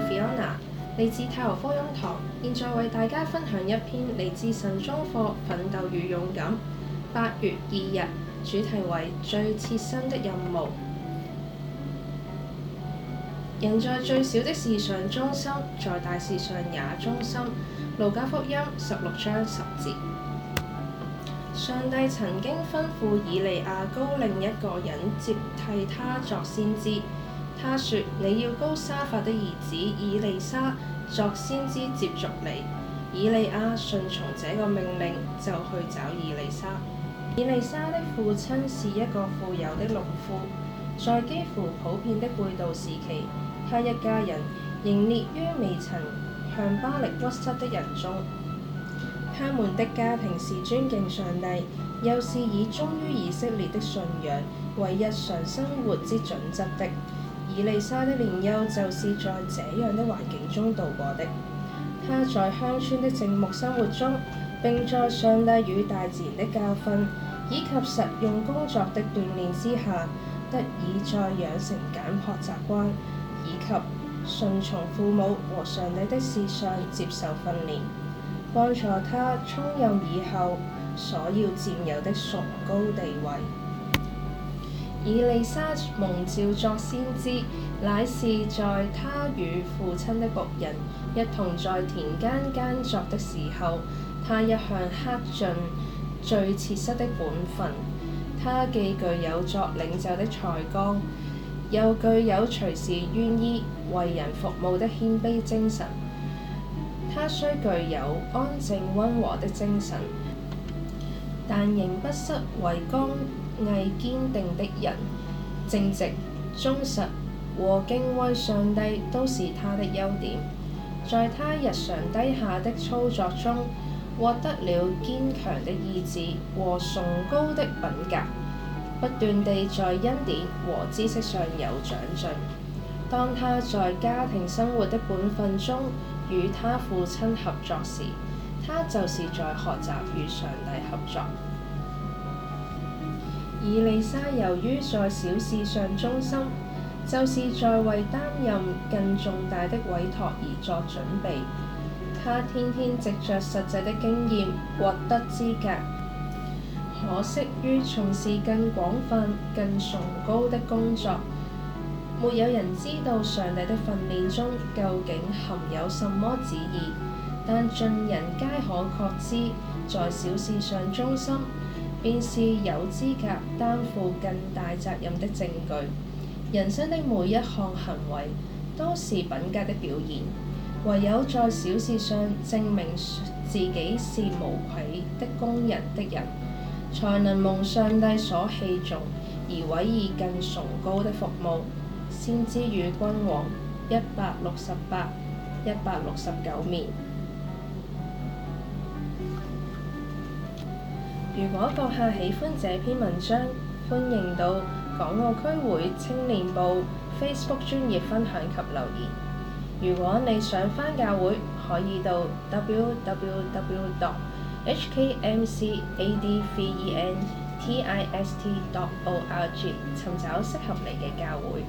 Fiona，嚟自太和福音堂，現在為大家分享一篇嚟自神中課《奮鬥與勇敢》。八月二日，主題為最切身的任務。人在最小的事上忠心，在大事上也忠心。路加福音十六章十節。上帝曾經吩咐以利亞膏另一個人接替他作先知。他說：你要高沙發的兒子以利沙作先知接續你。以利亞順從這個命令，就去找以利沙。以利沙的父親是一個富有的農夫，在幾乎普遍的背道時期，他一家人仍列於未曾向巴力屈膝的人中。他們的家庭是尊敬上帝，又是以忠於以色列的信仰為日常生活之準則的。伊莉莎的年幼就是在這樣的環境中度過的。她在鄉村的靜默生活中，並在上帝與大自然的教訓以及實用工作的鍛煉之下，得以在養成簡樸習慣，以及順從父母和上帝的事上接受訓練，幫助他充任以後所要佔有的崇高地位。以利沙蒙召作先知，乃是在他與父親的僕人一同在田間耕作的時候，他一向恪盡最切身的本分。他既具有作領袖的才幹，又具有隨時願意為人服務的謙卑精神。他雖具有安靜溫和的精神，但仍不失為剛毅堅定的人，正直、忠實和敬畏上帝都是他的優點。在他日常低下的操作中，獲得了堅強的意志和崇高的品格，不斷地在恩典和知識上有長進。當他在家庭生活的本分中與他父親合作時，他就是在學習與上帝合作。以利沙由於在小事上忠心，就是在為擔任更重大的委託而作準備。他天天藉着實際的經驗獲得資格。可惜於從事更廣泛、更崇高的工作，沒有人知道上帝的訓練中究竟含有什麼旨意，但盡人皆可確知，在小事上忠心，便是有資格擔負更大責任的證據。人生的每一項行為都是品格的表現，唯有在小事上證明自己是無愧的工人的人，才能蒙上帝所器重，而委以更崇高的服務。先知與君王，一百六十八、一百六十九面。如果閣下喜歡這篇文章，歡迎到港澳區會青年部 Facebook 專頁分享及留言。如果你想翻教會，可以到 www.hkmcadventist.org 尋找適合你嘅教會。